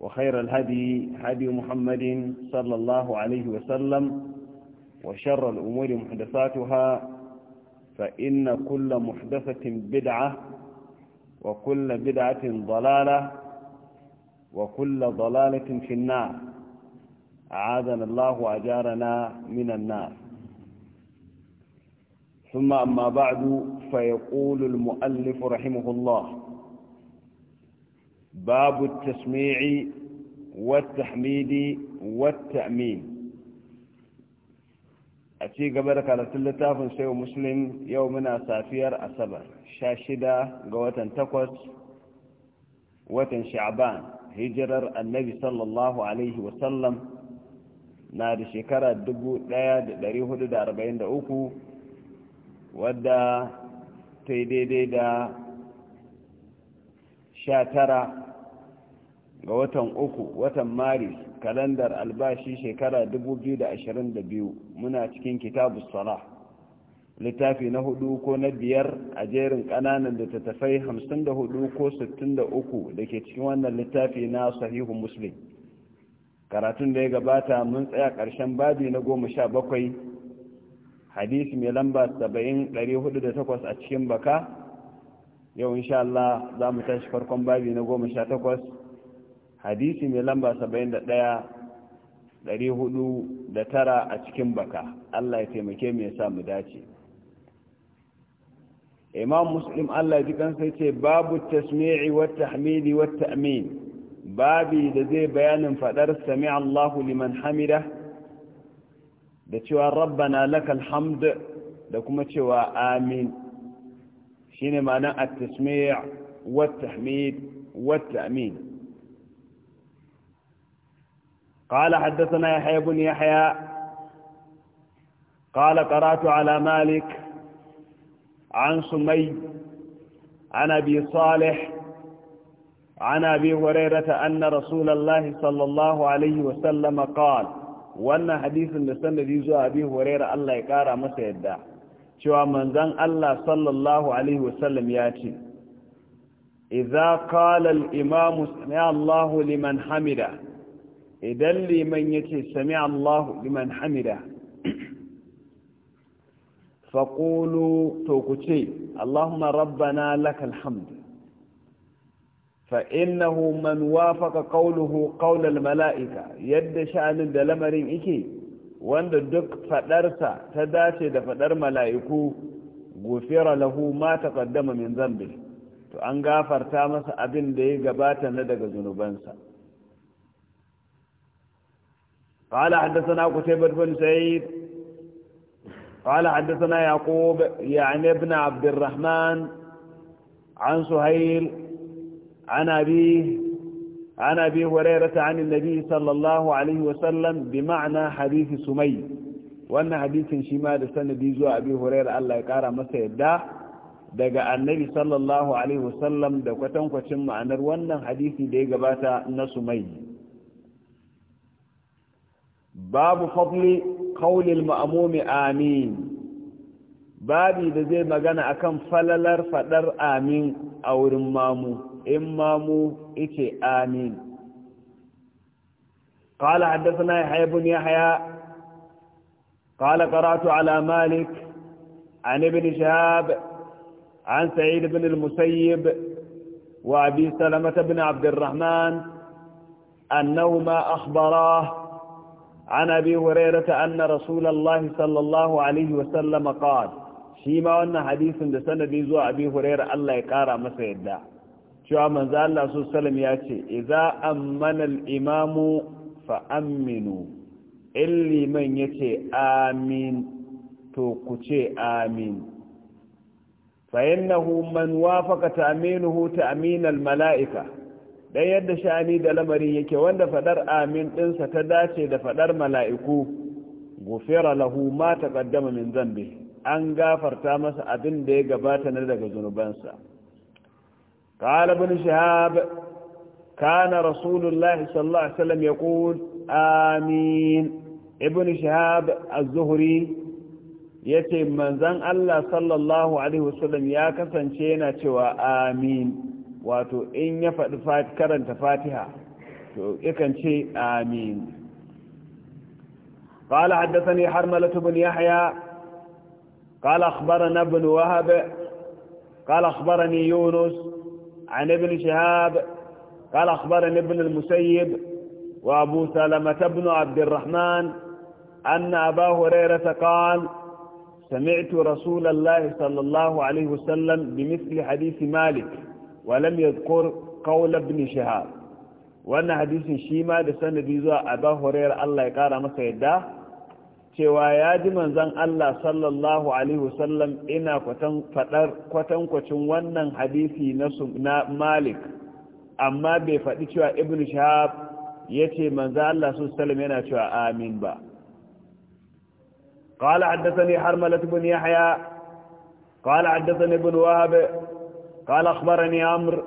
وخير الهدي هدي محمد صلى الله عليه وسلم وشر الأمور محدثاتها فإن كل محدثة بدعة وكل بدعة ضلالة وكل ضلالة في النار أعاذنا الله وأجارنا من النار ثم أما بعد فيقول المؤلف رحمه الله باب التسميع والتحميد والتأمين أتي قبل كانت اللتاف سيو مسلم يومنا سافير أسبر شاشدة قوة تقوت وتن شعبان هجرر النبي صلى الله عليه وسلم نادي شكرا دبو دايد داريه دا أربعين دا أوكو ودا تيدي دا شاترا ga watan uku watan maris kalandar albashi shekara 2022 muna cikin kitabu sala littafi na hudu ko na biyar a jerin kananan littattafai 54 ko 63 da ke cikin wannan littafi na sahihu muslim karatun da ya gabata mun tsaya karshen babi na goma sha bakwai hadisi mai lamba takwas a cikin baka yau insha Allah za mu tashi farkon babi na goma sha takwas hadisi mai lamba 71 tara a cikin baka Allah ya taimake mu ya sa mu dace imam muslim Allah ji kan sai ce babu tasmi'i wa tahmidi wa ta'min babi da zai bayanin fadar sami'a Allahu liman hamida da cewa rabbana lakal hamd da kuma cewa amin shine ma'anar at-tasmi' wa tahmid wa ta'min قال حدثنا يحيى بن يحيى قال قرأت على مالك عن سمي عن أبي صالح عن أبي هريرة أن رسول الله صلى الله عليه وسلم قال وأن حديث المسند يزوى أبي هريرة الله يقارى مسيدا شوى منزان الله صلى الله عليه وسلم ياتي إذا قال الإمام سمع الله لمن حمده idan liman ya ce sami Allah liman hamida faƙulu to ku ce Allahumma rabbana lakal hamdu fa’innahu man wafaka ƙauluhu ƙaular mala’ika yadda sha’anin da lamarin ike wanda duk faɗarsa ta dace da faɗar mala’iku gufera lahu ma ta ƙaddama min zambi to an gafarta masa abin da ya gabata na daga zunubansa قال حدثنا قتيبة بن سعيد قال حدثنا يعقوب يعني ابن عبد الرحمن عن سهيل عن أبيه عن أبي هريرة عن النبي صلى الله عليه وسلم بمعنى حديث سمي وأن حديث شمال سنة ديزو أبي هريرة الله يقارى مسيدا daga annabi sallallahu alaihi wasallam da kwatankwacin ma'anar wannan hadisi da ya gabata na sumayi باب فضل قول المأموم آمين باب إذا زي ما akan أكم فللر فدر آمين أو رمامو إمامو mamu آمين قال حدثنا يحيى بن يحيى قال قرأت على مالك عن ابن شهاب عن سعيد بن المسيب وأبي سلمة بن عبد الرحمن أنهما أخبراه عن أبي هريرة أن رسول الله صلى الله عليه وسلم قال شيما وانا حديث دسنة ديزو أبي هريرة الله يقارى مسيدا شو من ذا الله صلى الله عليه وسلم ياتي إذا أمن الإمام فأمنوا إلي من يتي آمين توقتي آمين فإنه من وافق تأمينه تأمين الملائكة dan yadda sha'ani da lamari yake wanda fadar amin ɗinsa ta dace da fadar mala'iku Gufira lahu ma taqaddama min zambi an gafarta masa abin da ya gabata na daga zunubansa qala ibn shihab kana rasulullahi sallallahu alaihi wasallam yaqul amin ibn shihab az-zuhri yace manzon Allah sallallahu alaihi wasallam ya kasance yana cewa amin wato in ya faɗi karanta fatiha to yakan ce amin قال حدثني حرملة بن يحيى قال أخبرنا ابن وهب قال أخبرني يونس عن ابن شهاب قال أخبرني ابن المسيب وأبو سلمة بن عبد الرحمن أن أبا هريرة قال سمعت رسول الله صلى الله عليه وسلم بمثل حديث مالك walam yadhkur qawl ibn shihab wannan hadisin shi ma da sanadi zuwa Abu Hurairah Allah ya kara masa yadda cewa ya ji manzan Allah sallallahu alaihi wasallam ina kwatankwacin wannan hadisi na Malik amma bai faɗi cewa ibn shahab ya ce manzon Allah sallallahu alaihi yana cewa amin ba قال حدثني حرملة بن يحيى قال حدثني ابن وهب قال أخبرني عمرو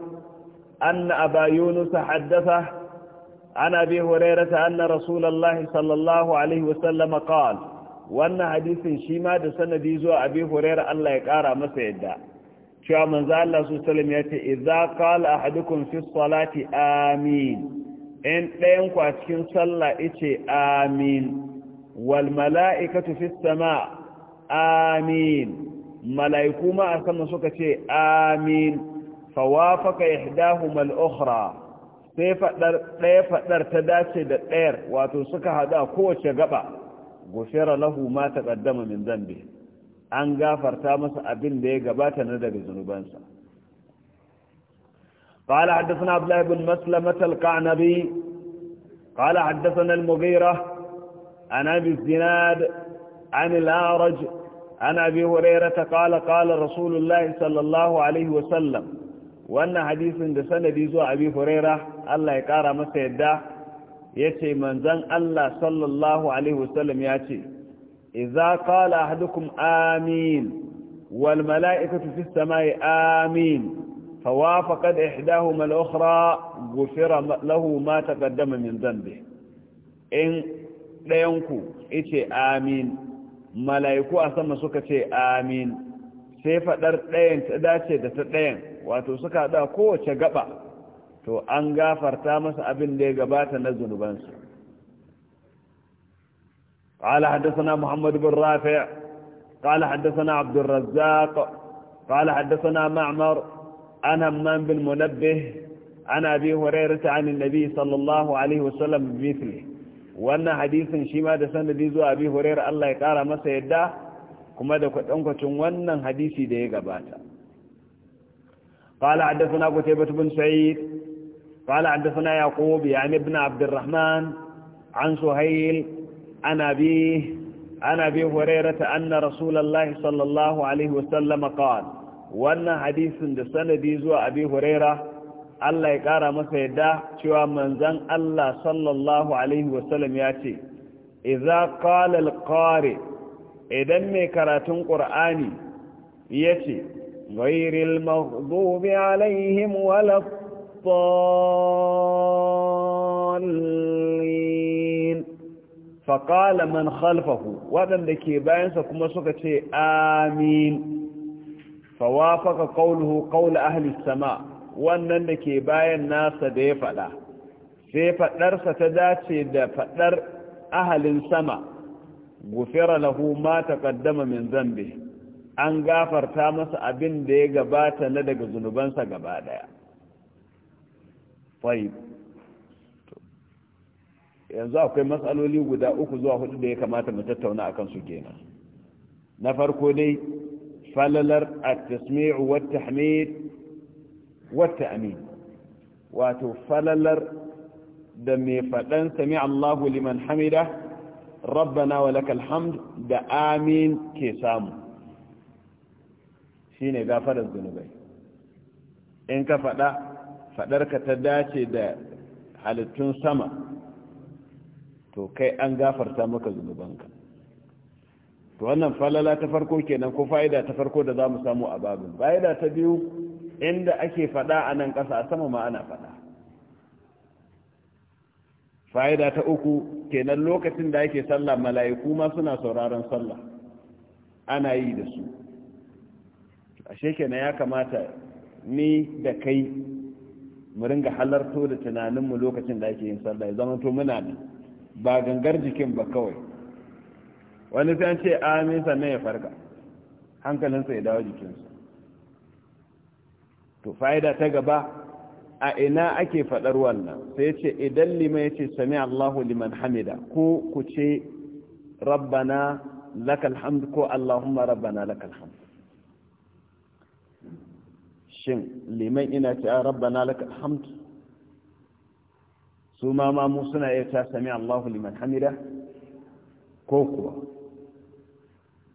أن أبا يونس حدثه عن أبي هريرة أن رسول الله صلى الله عليه وسلم قال وأن حديث شيما دسنة ديزو أبي هريرة الله يكارى مسيدا شو من ذا الله صلى الله عليه وسلم يأتي إذا قال أحدكم في الصلاة آمين in ɗayanku a cikin sallah ice amin wal mala'ikatu fi sama amin mala'iku ma a sama suka ce amin fawafaka ihdahuma al-ukhra sai fadar daya fadar ta dace da dayar wato suka hada kowace gaba gufira lahu ma taqaddama min dhanbi an gafarta masa abin da ya gabata na daga zunubansa قال حدثنا عبد الله بن مسلمة القعنبي قال حدثنا المغيرة عن أبي الزناد عن الأعرج ana abin wurare ta kala kala rasulullahi sallallahu alaihi wasallam wannan hadisin da sanadi zuwa abin wurare allah ya kara masa yadda yace manzan allah sallallahu alaihi wasallam ya ce iza kala hadukum amin wal mala’ika su fi samaye amin fawa faƙa da ihdahu mal’ukhara gufira lahu ma ta min zambe in ɗayanku ice amin mala'iku a sama suka ce amin sai faɗar ɗayan ta dace da ta ɗayan wato suka haɗa kowace gaba to an gafarta masa abin da ya gabata na zunubansu قال حدثنا محمد بن رافع قال حدثنا عبد الرزاق قال حدثنا معمر عن همام بن منبه عن أبي هريرة عن النبي صلى الله عليه وسلم بمثله wannan hadisin shi ma da sanadi zuwa abi huraira Allah ya kara masa yadda kuma da kwatankwacin wannan hadisi da ya gabata قال حدثنا قتيبة بن سعيد قال حدثنا يعقوب يعني ابن عبد الرحمن عن سهيل عن أبيه عن أبي هريرة أن رسول الله صلى الله عليه وسلم قال وأن حديث دسند يزوى أبي هريرة Allah ya ƙara masa yadda cewa manzan Allah sallallahu Alaihi wasallam ya ce, Iza ƙalal ƙare, idan mai karatun ƙur'ani ya ce, Gairil maghdubi alaihim wala Faƙala man khalfahu, waɗanda ke bayansa kuma suka ce, Amin. Fawafaka ƙaunuhu ƙaunar ahli sama. wannan da ke bayan nasa da ya faɗa sai faɗarsa ta dace da faɗar ahalin sama gufera lahu ma ƙaddama min zambi an gafarta masa abin da ya gabata na daga zunubansa gaba daya yanzu akwai matsaloli guda uku zuwa hudu da ya kamata mu tattauna akan su kenan na farko dai falalar at-tasmi'u wat-tahmid wata amin wato falalar da mai faɗan sami Allahu liman hamida rabbana wa lakal hamd da amin ke samu shi ne gafarar zunubai in ka faɗa faɗarka ta dace da halittun sama to kai an gafarta maka zunubanka to wannan falala ta farko kenan ko fa'ida ta farko da za mu samu a babin fa'ida ta biyu inda ake faɗa a nan ƙasa a sama ma ana faɗa fa'ida ta uku kenan lokacin da ake sallah mala'iku ma suna sauraron sallah ana yi da su ashe kenan ya kamata ni da kai mu ringa halarto da tunaninmu lokacin da ake yin sallah ya zama to muna da ba gangar jikin ba kawai wani sai an ce amin sannan ya farka hankalinsa ya dawo jikinsa to fa'ida ta gaba a ina ake faɗar wannan sai ce idan lima ya ce sami allahu liman hamida ko ku ce rabbana lakal hamd ko allahumma rabbana lakal hamd shin liman ina ce a ah, rabbana lakal hamd su ma mamu suna iya ta sami allahu liman hamida ko kuwa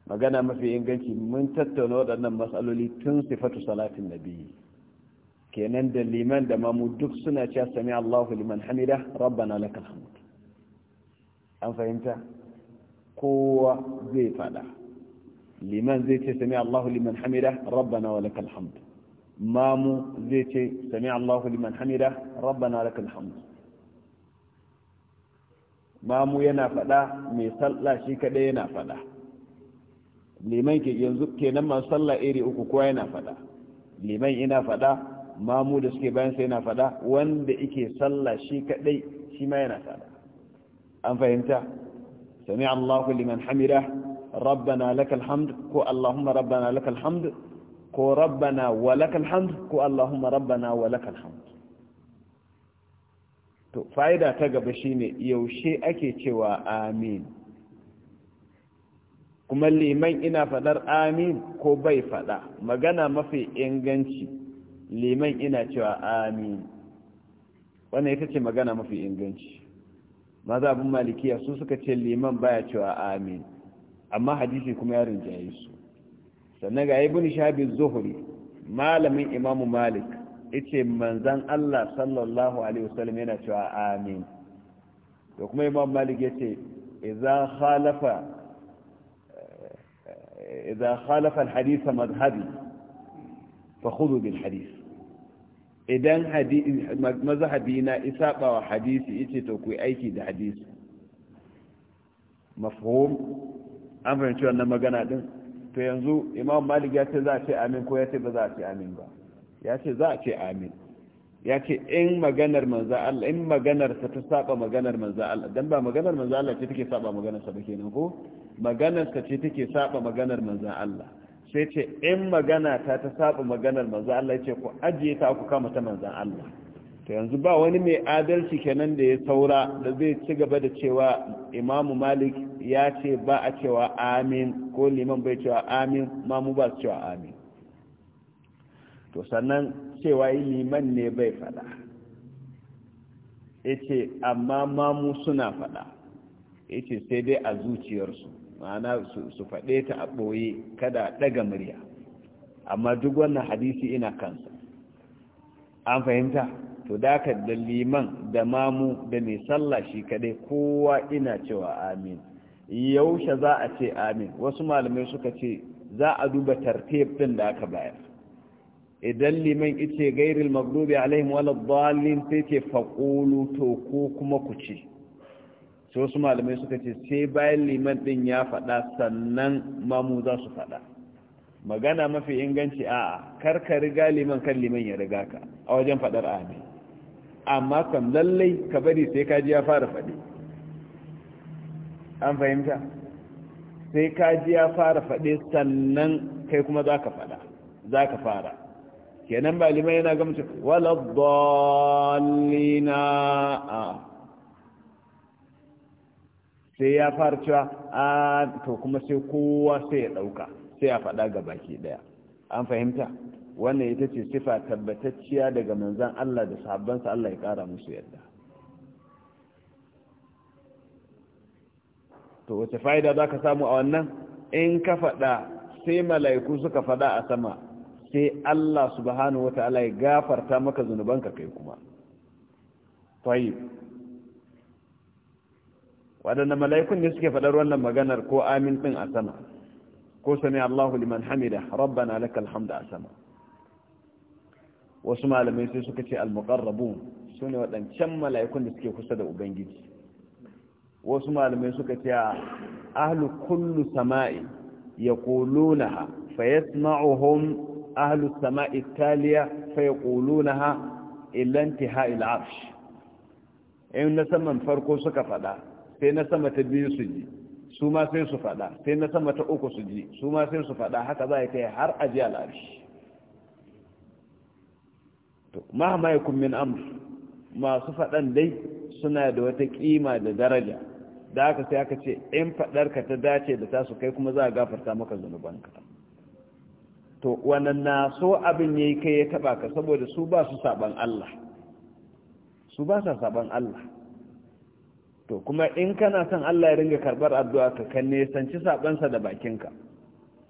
magana mafi inganci mun tattauna waɗannan matsaloli tun sifatu salatin nabiyyi kenan da liman da mamu duk suna cewa sami Allahu liman hamida rabbana lakal hamd an fahimta kowa zai fada liman zai ce sami Allahu liman hamida rabbana walakal hamd mamu zai ce sami Allahu liman hamida rabbana lakal hamd mamu yana fada mai sallah shi kadai yana fada liman ke yanzu kenan masu sallah iri uku kowa yana fada liman ina fada mamu da suke bayan sai na fada wanda yake sallah shi kadai shi ma yana fada an fahimta sami Allahu liman hamira rabbana lakal hamd ko allahumma rabbana lakal hamd ko rabbana wa lakal hamd ko allahumma rabbana wa lakal hamd to fa'ida ta gaba shine yaushe ake cewa amin kuma liman ina fadar amin ko bai fada magana mafi inganci liman ina cewa amin wannan ita ce magana mafi inganci maza abin malikiya su suka ce liman baya cewa amin amma hadisi kuma ya rinjaye su sannan ga ibn shabi zuhuri malamin imamu malik ita manzan Allah sallallahu alaihi wasallam yana cewa amin to kuma imam malik ce idza khalafa eh, eh, idza khalafa alhadith madhhabi fa bil hadith idan mazhabi na isaba wa hadisi yace to ku aiki da hadisi mafhum an fahimci wannan magana din to yanzu imam malik ya ce za a ce amin ko ya ce ba za a ce amin ba ya ce za a ce amin ya ce in maganar manzo Allah in maganar sa ta saba maganar manzo Allah dan ba maganar manzo Allah ce take saba maganar sa ba kenan ko maganar sa ce take saba maganar manzo Allah sai ce in magana ta ta saba maganar manzan Allah ya ce ku ajiye ta ku kama ta manzan Allah to yanzu ba wani mai adalci kenan da ya saura da zai ci gaba da cewa imamu malik ya ce ba a cewa amin ko liman bai cewa amin mamu ba su cewa amin to sannan cewa yi liman ne bai fada ya ce amma mamu suna fada ya ce sai dai a zuciyarsu ma'ana su faɗe ta a ɓoye kada ɗaga murya amma duk wannan hadisi ina kansa an fahimta to da da liman da mamu da mai sallah shi kaɗai kowa ina cewa amin yaushe za a ce amin wasu malamai suka ce za a duba tartib din da aka bayar idan liman ice gairil magdubi alaihim wala balin sai ce faqulu to ko kuma ku ce sai wasu malamai suka ce sai bayan liman din ya faɗa sannan mamu za su faɗa magana mafi inganci a'a kar ka riga liman kan liman ya riga ka a wajen faɗar amin amma kam lallai ka bari sai ka ji ya fara faɗi an fahimta sai ka ji ya fara faɗi sannan kai kuma za ka faɗa za ka fara kenan ba liman yana gamci wala dallina a sai ya fara cewa a to kuma sai kowa sai ya ɗauka sai ya faɗa ga baki ɗaya an fahimta wannan ita ce sifa tabbatacciya daga manzan Allah da sahabbansa Allah ya ƙara musu yadda to wace fa'ida za ka samu a wannan in ka faɗa sai mala'iku suka faɗa a sama sai Allah subhanahu wa ta'ala ya gafarta maka zunubanka kai kuma tayyib waɗanda mala'ikun ne suke faɗar wannan maganar ko amin ɗin a sama ko sami Allahu liman hamida rabbana lakal hamdu a sama wasu malamai sai suka ce al-muqarrabun sune waɗancan mala'ikun da suke kusa da ubangiji wasu malamai suka ce ahlu kullu sama'i yaqulunaha fayasma'uhum ahlu sama'i taliya fayaqulunaha ila intihai al-'arsh in na saman farko suka faɗa sai na sama ta biyu su ji su ma sai su fada sai na sama ta uku su ji su ma sai su fada haka za a kai har a ji al'arshi to mahama yakun min amr masu faɗan dai suna da wata kima da daraja da aka sai aka ce in ka ta dace da tasu kai kuma za a gafarta maka zunubanka. to wannan na so abin yayi kai ya taba ka saboda su ba su saban Allah su ba sa saban Allah to kuma in kana son Allah ya ringa karbar addu'a ka kan nesanci sabansa da bakinka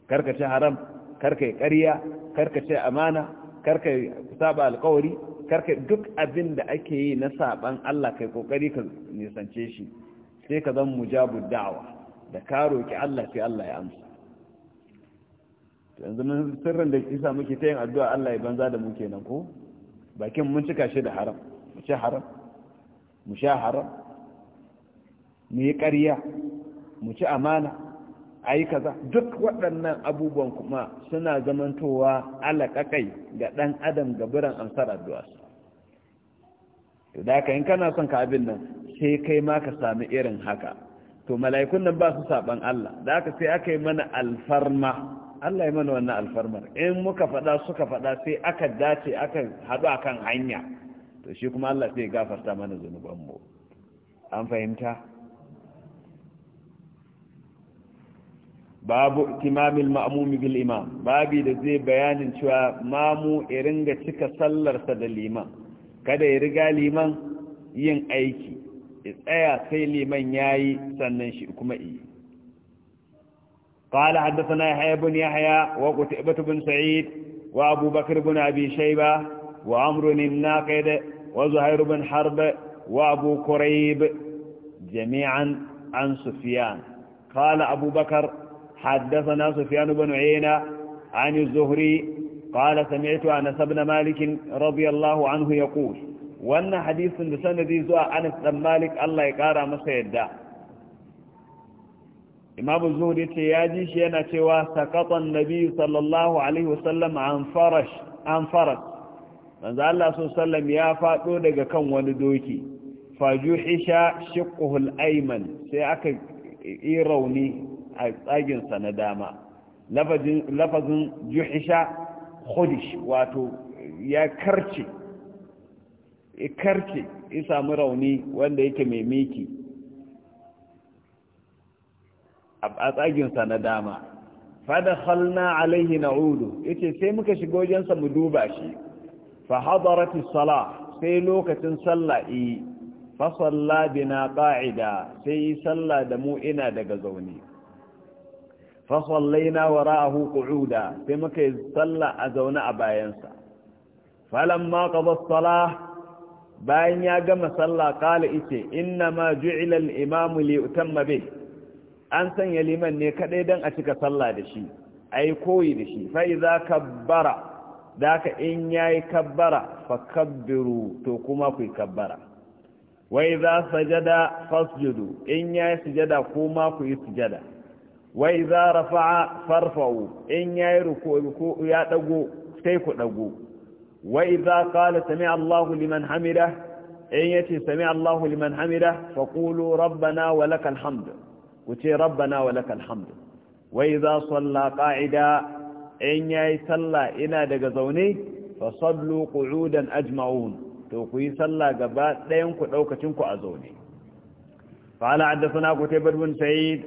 karka ce haram karka yi ƙarya karka ce amana karka saba alkawari karka duk abin da ake yi na saban Allah kai kokari ka nisance shi sai ka zama mujabu da'awa da ka roki Allah sai Allah ya amsa yanzu mun sirrin da kisa muke ta yin addu'a Allah ya banza da mu kenan ko bakin mun cika shi da haram mu ce haram mu sha haram mu yi ƙarya mu ci amana a yi kaza duk waɗannan abubuwan kuma suna zamantowa alaƙaƙai ga ɗan adam gaburan amsar addu'a to da haka in kana son ka abin nan sai kai ma ka sami irin haka to mala'ikun nan ba su saɓan Allah da haka sai aka yi mana alfarma Allah ya mana wannan alfarmar in muka faɗa suka faɗa sai aka dace aka haɗu a kan hanya to shi kuma Allah sai gafarta mana zunubanmu an fahimta babu imamil ma'amumi bil imam babi da zai bayanin cewa mamu irin ga cika sallarsa da liman kada ya riga liman yin aiki ya tsaya sai liman ya yi sannan shi kuma iya ƙwala haddasa na haya bin wa sa'id wa abubakar bin abi shai wa amurunin na kai da wa zuhairu harba wa abu kurai jami'an an sufiyan ƙwala abubakar حدثنا سفيان بن عيينة عن الزهري قال سمعت أنس بن مالك رضي الله عنه يقول وأن حديث بسندي زوى أنس بن مالك الله يقارى مسيدا إمام الزهري تياجي شينا تيوى سقط النبي صلى الله عليه وسلم عن فرش عن فرس manzo Allah sallallahu ya fado daga kan wani doki fajuhisha shiqquhul ayman sai aka yi rauni a tsaginsa na dama lafazin juhisha hudish wato ya karce karce ya samu rauni wanda yake mai miki a tsaginsa na dama fadakhalna alaihi na'udu yace sai muka shiga wajensa mu duba shi fa hadarati sai lokacin sallah yi fa salla bina qa'ida sai salla da mu ina daga zaune fasallaina wara'ahu qu'uda sai muka yi sallah a zaune a bayansa falamma qada as-salah bayan ya gama sallah qala ice inna ma ju'ila al-imam li yutamma bih an sanya liman ne kadai dan a cika sallah da shi ai koyi da shi fa idza kabbara daka in yayi kabbara fa kabbiru to kuma ku kabbara wa idza sajada fasjudu in yayi sujada kuma ku yi sujada wai za rafa'a farfa'u in ya yi ruku ya dago sai ku dago wai za qala sami Allahu liman hamida in yace sami Allahu liman hamida fa qulu rabbana wa lakal hamdu. ku ce rabbana wa lakal hamdu. wai za salla qa'ida in ya yi salla ina daga zaune fa sallu qu'udan ajma'un to ku yi sallah gaba ɗayan ku ɗaukacin ku a zaune fa قال حدثنا قتيبة بن سعيد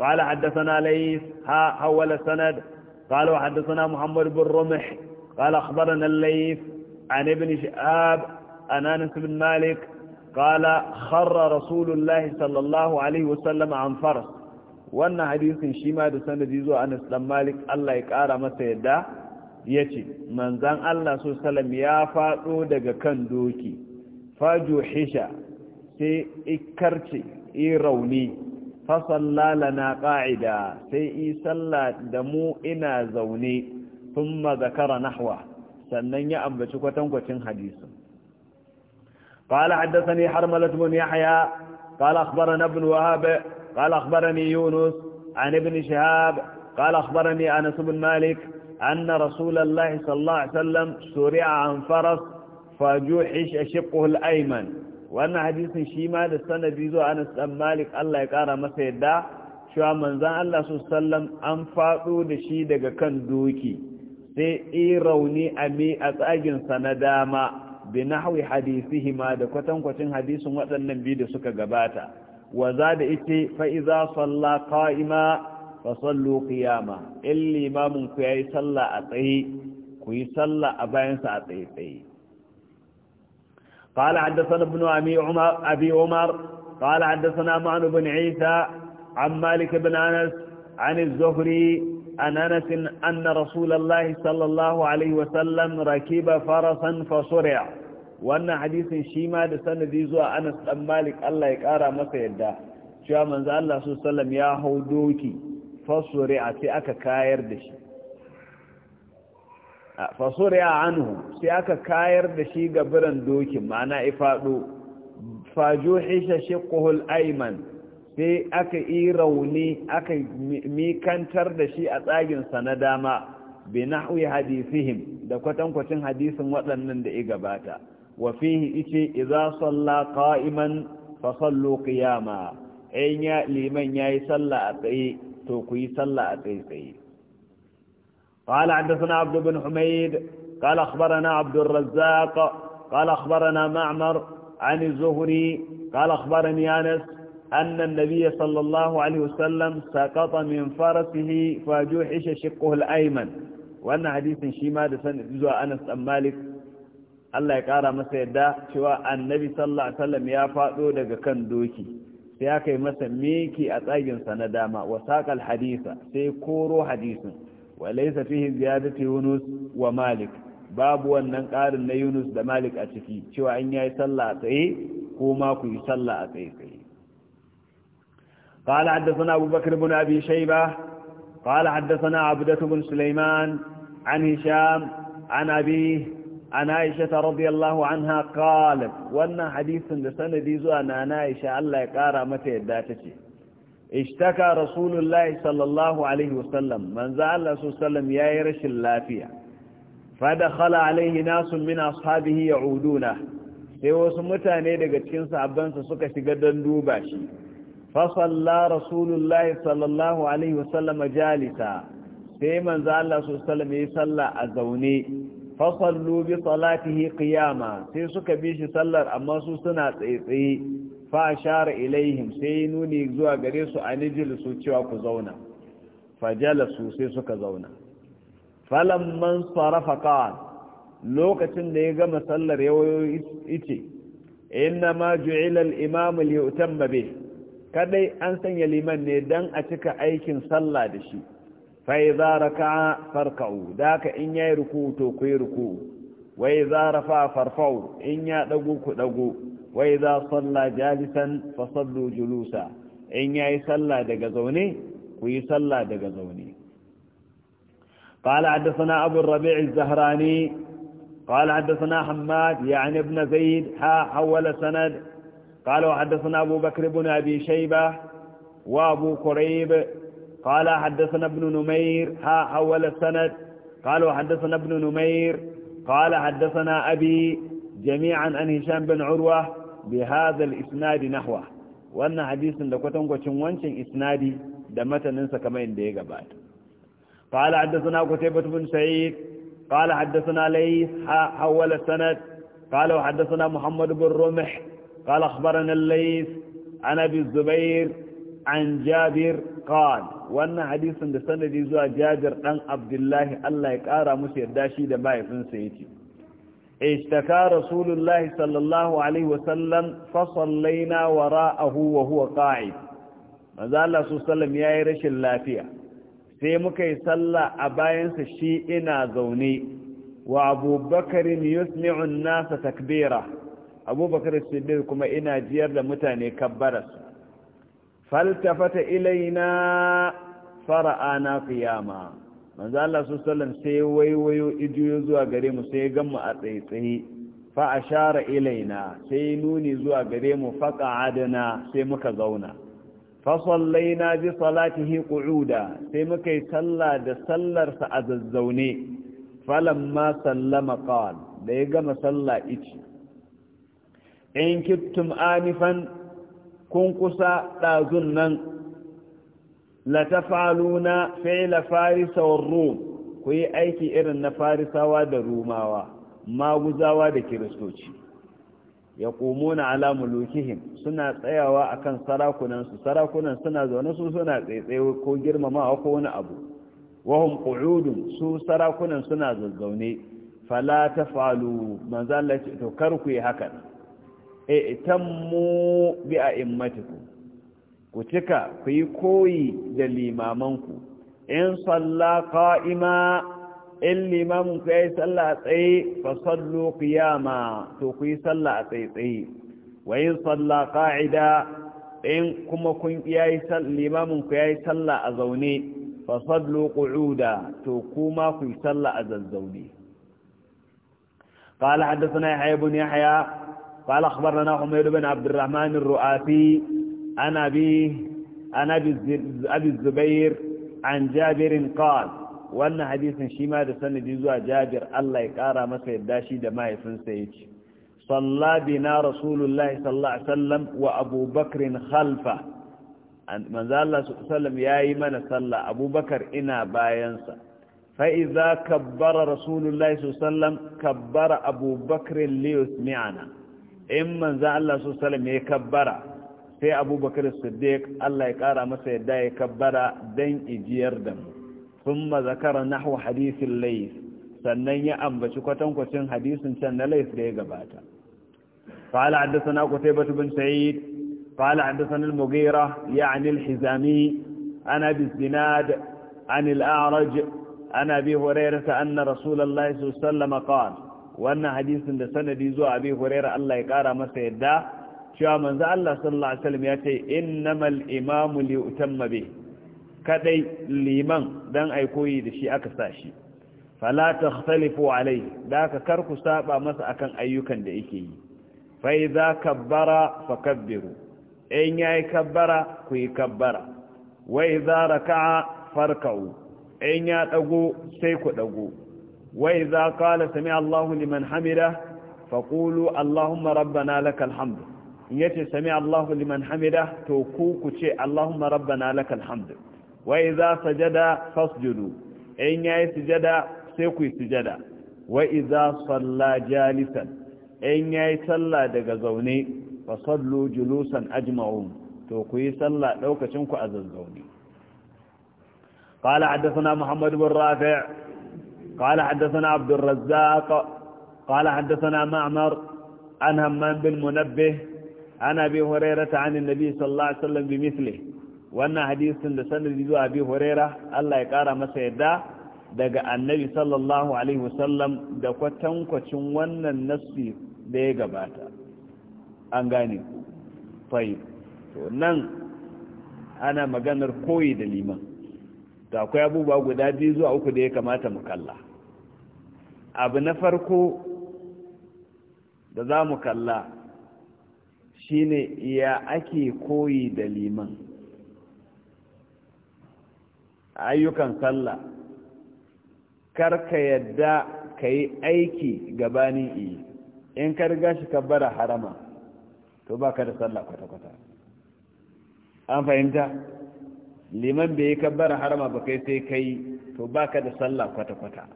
قال حدثنا ليس ها حول السند قال وحدثنا محمد بن رمح قال أخبرنا الليث عن ابن شعاب عن أنس بن مالك قال خر رسول الله صلى الله عليه وسلم عن فرس وأن حديث شيما دسند يزو عن اسلام مالك الله ما سيدا يكارى مسيدا yace manzan Allah su salam ya faɗo daga كان دوكي فاجو حشا sai اكرتي اي روني fasalla lana qa'ida sai yi دمو da mu ina zaune thumma zakara nahwa sannan ya ambaci kwatankwacin قال حدثني حرملة بن يحيى قال أخبرنا ابن وهب قال أخبرني يونس عن ابن شهاب قال أخبرني أنس بن مالك أن رسول الله صلى الله عليه وسلم سرع عن فرس فجوحش أشقه الأيمن wannan hadisin shi ma da sanadi zuwa anas dan malik Allah ya kara masa yadda cewa manzon Allah su sallam an fado da shi daga kan doki sai rauni a me a tsagin sa na dama bi nahwi hadisihi ma da kwatankwacin hadisin waɗannan biyu da suka gabata wa za da ita fa iza salla qa'ima fa sallu qiyama illi imamun ku yayi sallah a tsaye ku yi sallah a bayan sa a tsaye tsaye قال حدثنا ابن أبي عمر, أبي عمر قال حدثنا معن بن عيسى عن مالك بن أنس عن الزهري عن أنس أن رسول الله صلى الله عليه وسلم ركب فرسا فصرع وأن حديث شيما دسنة ديزو أنس أم مالك الله يكارى مسيدا شو منزل الله صلى الله عليه وسلم يا هودوكي فصرع سيأك كاير دشي a anhu sai aka kayar da shi ga biran dokin ma'ana ifado fajo hisha shiqquhul ayman sai aka yi rauni aka mikantar da shi a tsagin sa na dama bi nahwi hadisihim da kwatankwacin hadisin waɗannan da ya gabata wa fihi ice idza salla qa'iman fa sallu qiyama ayya liman yayi sallah a tsaye to ku yi sallah a tsaye tsaye قال حدثنا عبد بن حميد قال أخبرنا عبد الرزاق قال أخبرنا معمر عن الزهري قال أخبرني أنس أن النبي صلى الله عليه وسلم سقط من فرسه فجوحش شقه الأيمن وأن حديث شماد جزء أنس أم مالك الله ya ƙara masa النبي صلى الله عليه وسلم wasallam ya faɗo daga kan doki sai aka yi masa meki a tsaginsa وليس فيه زيادة يونس ومالك باب wannan ƙarin na Yunus da Malik شو ان يصلى in هو ما a tsaye ko قال حدثنا أبو بكر بن أبي شيبة قال حدثنا عبدة بن سليمان عن هشام عن أبيه عن عائشة رضي الله عنها قالت وانا حديث لسنة ديزو عائشة الله يقارى متى يداتك ishtaka rasulullahi sallallahu alaihi wasallam manzo Allah sallallahu yayi rashin lafiya fadakhala alaihi nasun min ashabihi yauduna sai wasu mutane daga cikin sahabbansa suka shiga don duba shi fa salla rasulullahi sallallahu alaihi wasallam jalisa sai manzo Allah sallallahu yayi salla a zaune fa sallu bi salatihi qiyama sai suka bi shi sallar amma su suna tsaitsaye fa shara ilaihim sai nuni zuwa gare su a nijil su cewa ku zauna fajala su sai suka zauna falamman sarrafa kawai lokacin da ya gama sallar yawayo ice inna ma ju'ilal imam liyutamma bih kadai an sanya liman ne dan a cika aikin sallah da shi fa idza raka'a farka'u daka in yayi ruku to ku yi ruku'u wa idza farfa'u in ya dago ku dago وإذا صلى جالسا فصلوا جلوسا إن يصلى دقزوني ويصلى دقزوني قال حدثنا أبو الربيع الزهراني قال حدثنا حماد يعني ابن زيد ها حول سند قال وحدثنا أبو بكر بن أبي شيبة وأبو قريب قال حدثنا ابن نمير ها حول السند قال وحدثنا ابن نمير قال حدثنا أبي جميعا عن هشام بن عروة bihazal isnadi nahwa wannan hadisin da kwatankwacin wancan isnadi da mataninsa kamar yadda ya gabata qala haddathana qutaybah bin sa'id qala haddathana layth hawala sanad qala haddathana muhammad bin rumh qala akhbarana layth an zubair an jabir wannan hadisin da sanadi zuwa jabir dan abdullahi Allah ya kara musu yarda shi da bayyinsa yake اشتكى رسول الله صلى الله عليه وسلم فصلينا وراءه وهو قاعد ماذا الله صلى الله عليه وسلم يا sai muka yi salla a bayansa shi ina zaune wa abubakarin yusmi'un nasa takbira abubakarin siddir kuma ina jiyar da mutane kabbararsu falta fata ilaina fara'ana fiyama manzo Allah su sai waiwayo ijiyo zuwa gare mu sai gan mu a tsaitsaye fa ashara ilaina sai nuni zuwa gare mu faqa adana sai muka zauna fa ji bi salatihi qu'uda sai muka yi salla da sallar sa a zazzaune ma sallama qal da ya gama salla ici in kittum anifan kun kusa dazun nan la taf'aluna fi'la farisa war rum ku yi aiki irin na farisawa da rumawa maguzawa da kiristoci yaqumuna ala mulukihim suna tsayawa akan sarakunansu su sarakunan suna zaune su suna tsaitsaye ko girmamawa ko wani abu wahum qu'udun su sarakunan suna zazzaune fala taf'alu manzo Allah ce to kar ku yi hakan. eh tammu bi a a'immatikum ku cika ku yi koyi da limamanku in salla qa'ima in limamin ya yi salla a tsaye fa sallu to ku yi salla a tsaye tsaye wa in salla qa'ida in kuma kun yayi limamin ku yayi salla a zaune fa sallu to kuma ku yi salla a zazzaune قال حدثنا يحيى بن يحيى قال أخبرنا حميد بن عبد الرحمن الرؤافي عن أبيه عن أبي الزبير عن جابر قال وأن حديث شما دسن ديزوا جابر الله يقارى مسا يداشي دما يفنسيج صلى بنا رسول الله صلى الله عليه وسلم وأبو بكر خلفه من ذا الله صلى الله عليه وسلم يا إيمان صلى أبو بكر إنا باينسا فإذا كبر رسول الله صلى الله عليه وسلم كبر أبو بكر ليسمعنا in manza Allah su salam ya kabbara sai abubakar siddiq Allah ya ƙara masa yadda ya kabbara don ijiyar da mu sun mazakara na hadisin lais sannan ya ambaci kwatankwacin hadisin can na laif da ya gabata fa'ala haddasa na kusa batu bin sa'id fa'ala haddasa na mugira ya anil hizami ana bizinad anil a'raj ana bi hurairata anna rasulullah sallallahu alaihi wasallam qala wannan hadisin da sanadi zuwa abi hurairah Allah ya kara masa yadda cewa manzo Allah sallallahu alaihi wasallam ya ce innamal imamu li utamma bi kadai liman dan ai koyi da shi aka sa shi fala takhtalifu alai da kar ku saba masa akan ayyukan da yake yi fa idza kabbara fakabbiru in yayi kabbara ku yi kabbara wa idza raka'a farka'u in ya dago sai ku dago wa idza qala sami Allahu liman hamida faqulu Allahumma rabbana lakal hamdu yace sami Allahu liman hamida to ku ku ce Allahumma rabbana lakal hamd wa idza sajada fasjudu in yayi sujada sai ku sujada wa idza salla jalisan in yayi sallah daga zaune fa sallu julusan ajma'un to ku yi sallah daukacin ku a zazzauni قال حدثنا محمد بن رافع قال حدثنا عبد الرزاق قال حدثنا معمر عن همام بن منبه ana bi ta hannun annabi sallallahu alaihi wasallam bi misli wannan hadisin da sanadi zuwa bi huraira Allah ya kara masa yadda daga annabi sallallahu alaihi wasallam da kwatankwacin wannan nassi da ya gabata an gane ku fai to nan ana maganar koyi da liman to akwai abubuwa guda biyu zuwa uku da ya kamata mu kalla abu na farko da za mu kalla shine ya ake koyi da liman ayyukan sallah karka yadda ka yi aiki gabanin iya in ka riga shi ka bara harama to ba ka da sallah kwata-kwata an fahimta liman bai yi ka bara harama ba kai sai kai to ba ka da sallah kwata-kwata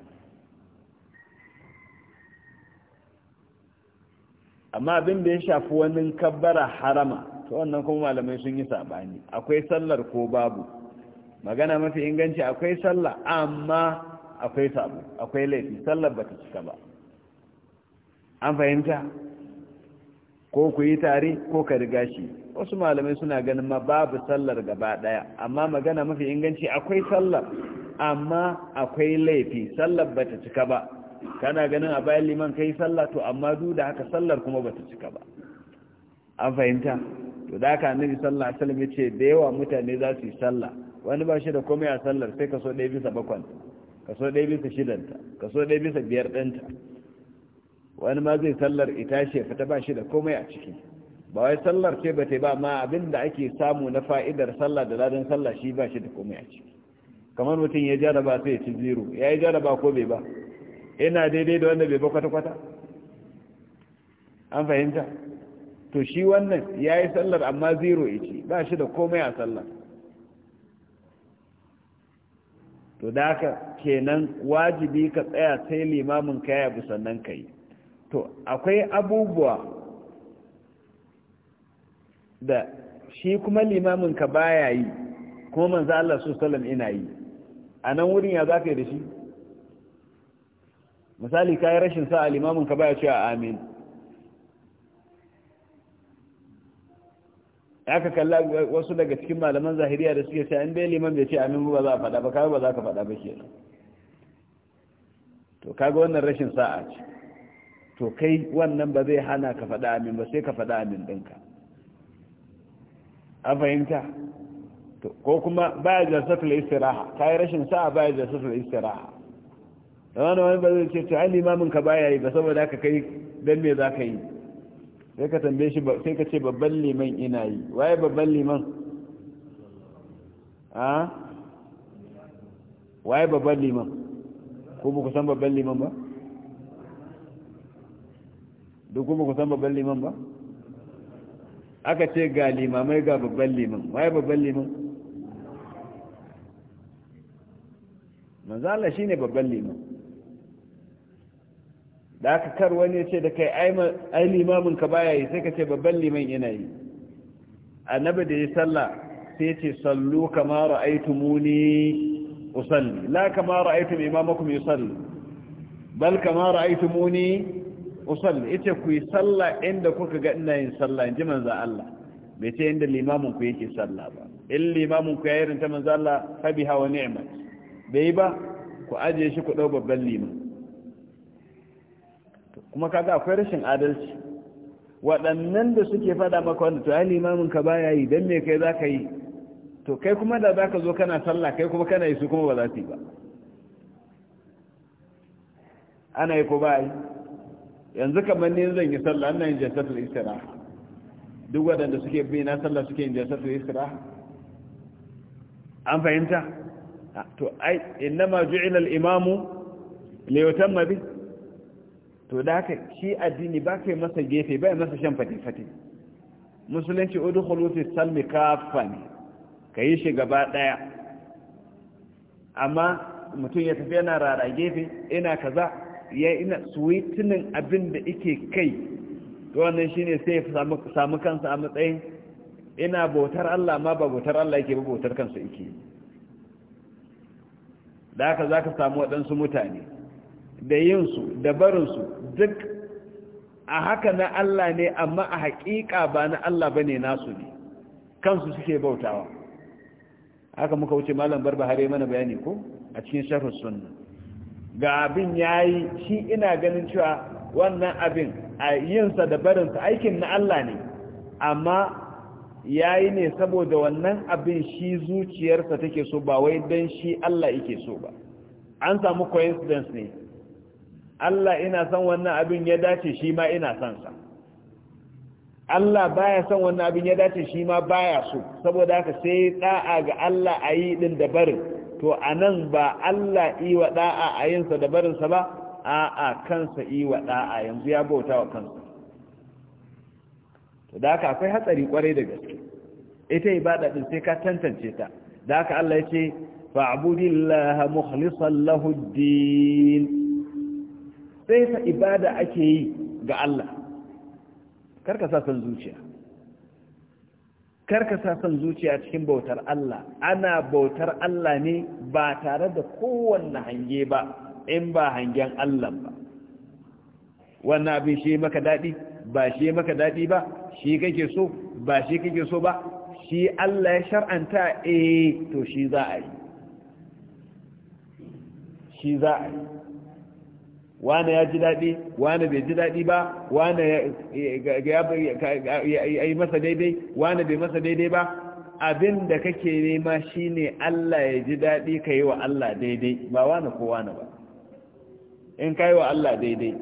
amma abin da ya shafi wani kabbara harama to wannan kuma malamai sun yi sabani akwai sallar ko babu magana mafi inganci akwai salla amma akwai sabu akwai laifi sallar bata cika ba an fahimta ko ku yi tare ko ka riga shi wasu malamai suna ganin ma babu sallar gaba daya amma magana mafi inganci akwai sallar amma akwai laifi sallar bata cika ba kana ganin a bayan liman kai sallah to amma duk da haka sallar kuma bata cika ba an fahimta to da ka nabi sallallahu alaihi wasallam yace da yawa mutane za su yi sallah wani ba shi da komai a sallar sai kaso ɗaya bisa bakwanta kaso ɗaya bisa shidanta kaso ɗaya bisa biyar ɗanta wani ma zai sallar ita ce fita ba shi da komai a ciki ba wai sallar ce ba ta ba ma abin da ake samu na fa'idar sallah da ladan sallah shi ba shi da komai a ciki kamar mutum ya jaraba sai ya ci zero ya yi jaraba ko bai ba yana daidai da wanda bai ba kwata-kwata an fahimta to shi wannan ya yi sallar amma zero ya ce ba shi da komai a sallar to da haka kenan wajibi ka tsaya sai limamin ka ya sannan ka yi to akwai abubuwa da shi kuma limamin ka baya yi kuma manzo Allah su salam ina yi a nan wurin ya za ka yi da shi misali kayi rashin sa'a limamin ka baya cewa amin aka kalla wasu daga cikin malaman zahiriya da suke cewa in bai liman bai ce amin ba za a faɗa ba kawai ba za ka faɗa ba ke to kaga wannan rashin sa'a ce to kai wannan ba zai hana ka faɗa amin ba sai ka faɗa amin ɗinka a fahimta ko kuma baya jarsatul istiraha kayi rashin sa'a baya jarsatul istiraha wani wani ba zai ce to ai limamin ka baya yi ba saboda haka kai dan me za ka yi sai ka tambaye shi sai ka ce babban liman ina yi waye babban liman a waye babban liman ko ba ku san babban liman ba duk kuma ku san babban liman ba aka ce ga limamai ga babban liman waye babban liman manzala shine babban liman da aka kar wani ya ce da kai ai limamin ka baya yi sai ka ce babban liman ina yi annabi da ya sallah sai ce sallu kama ra'aytumuni usalli la kama ra'aytum imamakum yusalli bal kama ra'aytumuni usalli yace ku yi sallah inda kuka ga ina yin sallah inji manzo Allah bai ce inda limamin ku yake sallah ba in limamin ku yi rinta manzo Allah fa biha wa ni'mat bai ba ku aje shi ku dau babban liman kuma kaga akwai rashin adalci waɗannan da suke faɗa maka wanda to ai limamin ka baya yi dan me kai zaka yi to kai kuma da zaka zo kana sallah kai kuma kana yi su kuma ba za su yi ba ana yi ko ba yi yanzu kamar ne zan yi sallah ana yin jasatul isra duk waɗanda suke bi na sallah suke yin jasatul isra an fahimta to ai ma ju'ila al-imamu li yutamma bihi to da haka shi addini ba kai masa gefe ba masa shan fate-fate musulunci udkhulu fi salmi kafan kai shi gaba daya amma mutum ya tafi yana rara gefe ina kaza ya ina suwitinin abin da yake kai to wannan shine sai ya samu kansa a matsayin ina bautar Allah ma ba bautar Allah yake ba bautar kansa yake da haka zaka samu waɗansu mutane da yinsu da barinsu duk a haka na Allah ne amma a haƙiƙa ba na Allah ba ne nasu ne kansu suke bautawa haka muka wuce malam hare mana bayani ko a cikin shafin sunna ga abin ya yi shi ina ganin cewa wannan abin a yinsa da barinsa aikin na Allah ne amma ya yi ne saboda wannan abin shi zuciyarsa take so ba wai don shi Allah yake so ba an samu coincidence ne Allah ina son wannan abin ya dace shi ma ina son sa Allah baya son wannan abin ya dace shi ma baya so saboda haka sai da'a ga Allah a yi din da barin to anan ba Allah yi wa da'a a yinsa da barinsa ba a'a kansa yi wa da'a yanzu ya bauta wa kansa to da haka akwai hatsari kwarai da gaske ita ibada din sai ka tantance ta da haka Allah ya ce fa'budillaha mukhlishan lahu ddin sai sa ibada ake yi ga Allah karka sa san zuciya karka sa san zuciya cikin bautar Allah ana bautar Allah ne ba tare da kowanne hange ba in ba hangen Allah ba wannan abin shi maka daɗi ba shi maka daɗi ba shi kake so ba shi kake so ba shi Allah ya shar'anta eh to shi za a yi shi za a yi wane ya ji daɗi wane bai ji daɗi ba wane ya yi masa daidai wane bai masa daidai ba abin da kake nema shine Allah ya ji daɗi ka yi wa Allah daidai ba wane ko wane ba in ka yi wa Allah daidai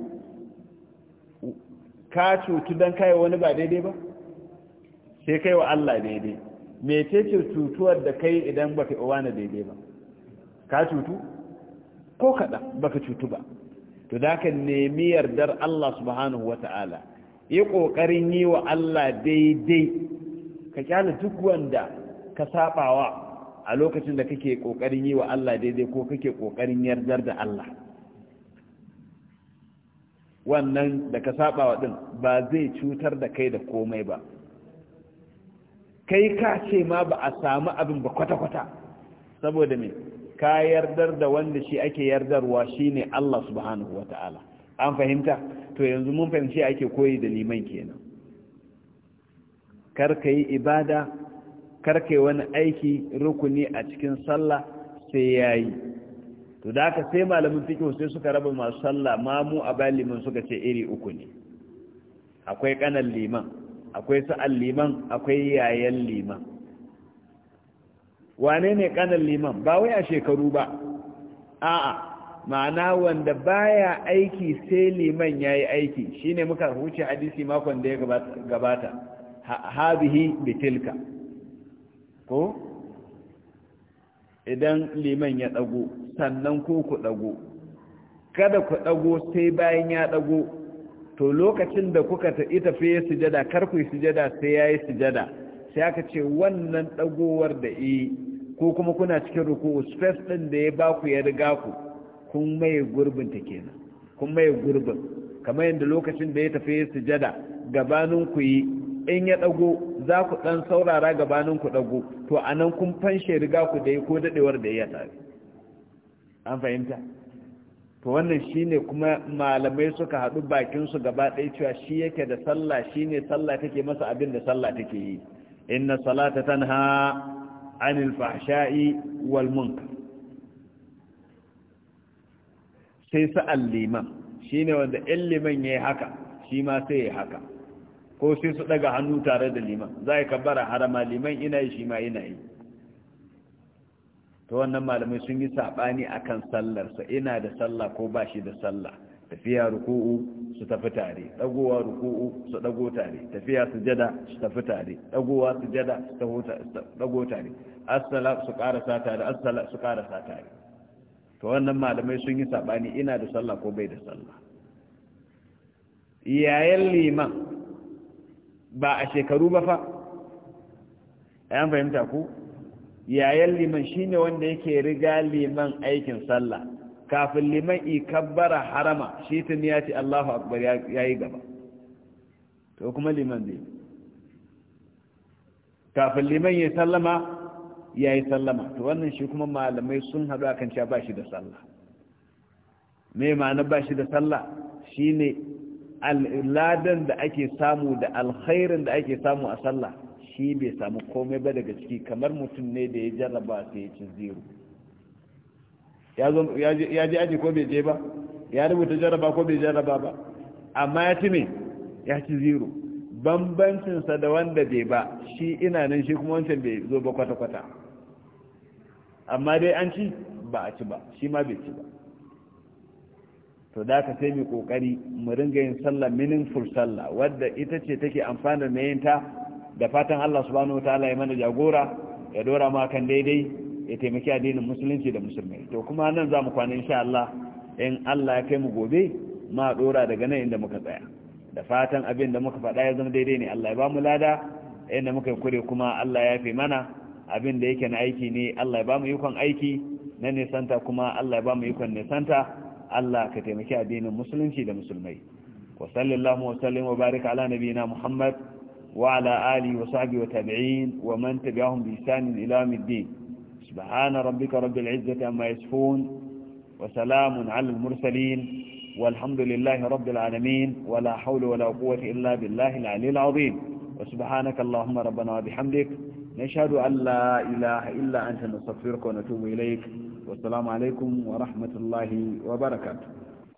ka cutu don ka yi wani ba daidai ba sai ka yi wa Allah daidai mece ce cutuwar da kai idan ba ka yi wa daidai ba ka cutu ko kaɗa ba ka cutu ba to da ka nemi yardar Allah subhanahu wa ta'ala yi ƙoƙarin yi wa Allah daidai ka kyala duk wanda ka sabawa a lokacin da kake ƙoƙarin yi wa Allah daidai ko kake ƙoƙarin yardar da Allah wannan da ka sabawa din ba zai cutar da kai da komai ba kai ka ce ma ba a samu abin ba kwata-kwata saboda me ka yardar da wanda shi ake yardarwa ne Allah subhanahu wa ta'ala. an fahimta to yanzu mun fahimci ake koyi da liman kenan kar ka yi ibada kar ka yi wani aiki rukuni a cikin sallah sai ya yi. to da haka sai malamin fiqh sai suka raba masu sallah ma mu a balimin suka ce iri uku ne akwai kanan liman akwai sa'an liman akwai yayan liman wane ne kanan liman ba wai a shekaru ba a'a ma'ana wanda baya aiki sai liman ya yi aiki Shi ne muka huce hadisi makon da ya gabata habihi bitilka ko idan liman ya dago sannan ko ku dago kada ku dago sai bayan ya dago to lokacin da kuka ita fiye sujada kar ku yi sujada sai yayi sujada sai aka ce wannan ɗagowar da yi ko kuma kuna cikin ruku'u space ɗin da ya ba ku ya riga ku kun maye gurbin ta kenan kun maye gurbin kamar yadda lokacin da ya tafi ya sujada gabanin ku yi in ya ɗago za ku ɗan saurara gabanin ku ɗago to a nan kun fanshe riga ku da ya ko daɗewar da ya tare an fahimta to wannan shine kuma malamai suka haɗu su gaba ɗaya cewa shi yake da sallah shine sallah take masa abin da sallah take yi inna salata tanha anil fahsha'i wal munkar sai sa'al liman shine wanda in liman yayi haka shi ma sai haka ko sai su daga hannu tare da liman zai kabbara harama liman ina yi shi ma ina yi Ta wannan malamai sun yi saɓani akan sallar sa ina da sallah ko ba shi da sallah tafiya ruku'u su tafi tare dagowa ruku'u su dago tare tafiya sujada su tafi tare dagowa sujada su dago tare assala su karasa tare assala su karasa tare to wannan malamai sun yi sabani ina da sallah ko bai da sallah iyayen liman ba a shekaru ba fa ayan fahimta ku yayan liman shine wanda yake riga liman aikin sallah kafin liman ikabbara harama shi tun ya ce Allahu akbar ya yi gaba to kuma liman zai kafin liman ya sallama ya yi sallama to wannan shi kuma malamai sun haɗu kan cewa ba shi da sallah me ma'ana ba shi da sallah shi ne aladan da ake samu da alkhairin da ake samu a sallah shi bai samu komai ba daga ciki kamar mutum ne da ya jarraba sai ya ci zero ya ji aji ko bai je ba ya rubuta jaraba ko bai jaraba ba amma ya ci me ya ci zero bambancinsa da wanda bai ba shi ina nan shi kuma wancan bai zo ba kwata-kwata amma dai an ci ba a ci ba shi ma bai ci ba to da ka sai mai kokari mu ringa yin sallah meaningful sallah wadda ita ce take amfana da yin ta da fatan Allah subhanahu Ta'ala ya mana jagora ya dora ma kan daidai ya taimaki addinin musulunci da musulmai to kuma nan za mu kwana sha Allah in Allah ya kai mu gobe ma dora daga nan inda muka tsaya da fatan abin da muka faɗa ya zama daidai ne Allah ya ba mu lada inda muka kure kuma Allah ya fi mana abin da yake na aiki ne Allah ya ba mu ikon aiki na nisanta kuma Allah ya ba mu ikon nisanta Allah ka taimaki addinin musulunci da musulmai wa sallallahu wa sallim wa barika ala nabiyina Muhammad وعلى آله وصحبه وتابعين ومن تبعهم بإحسان إلى يوم سبحان ربك رب العزة أما يسفون وسلام على المرسلين والحمد لله رب العالمين ولا حول ولا قوة إلا بالله العلي العظيم وسبحانك اللهم ربنا وبحمدك نشهد أن لا إله إلا أنت نستغفرك ونتوب إليك والسلام عليكم ورحمة الله وبركاته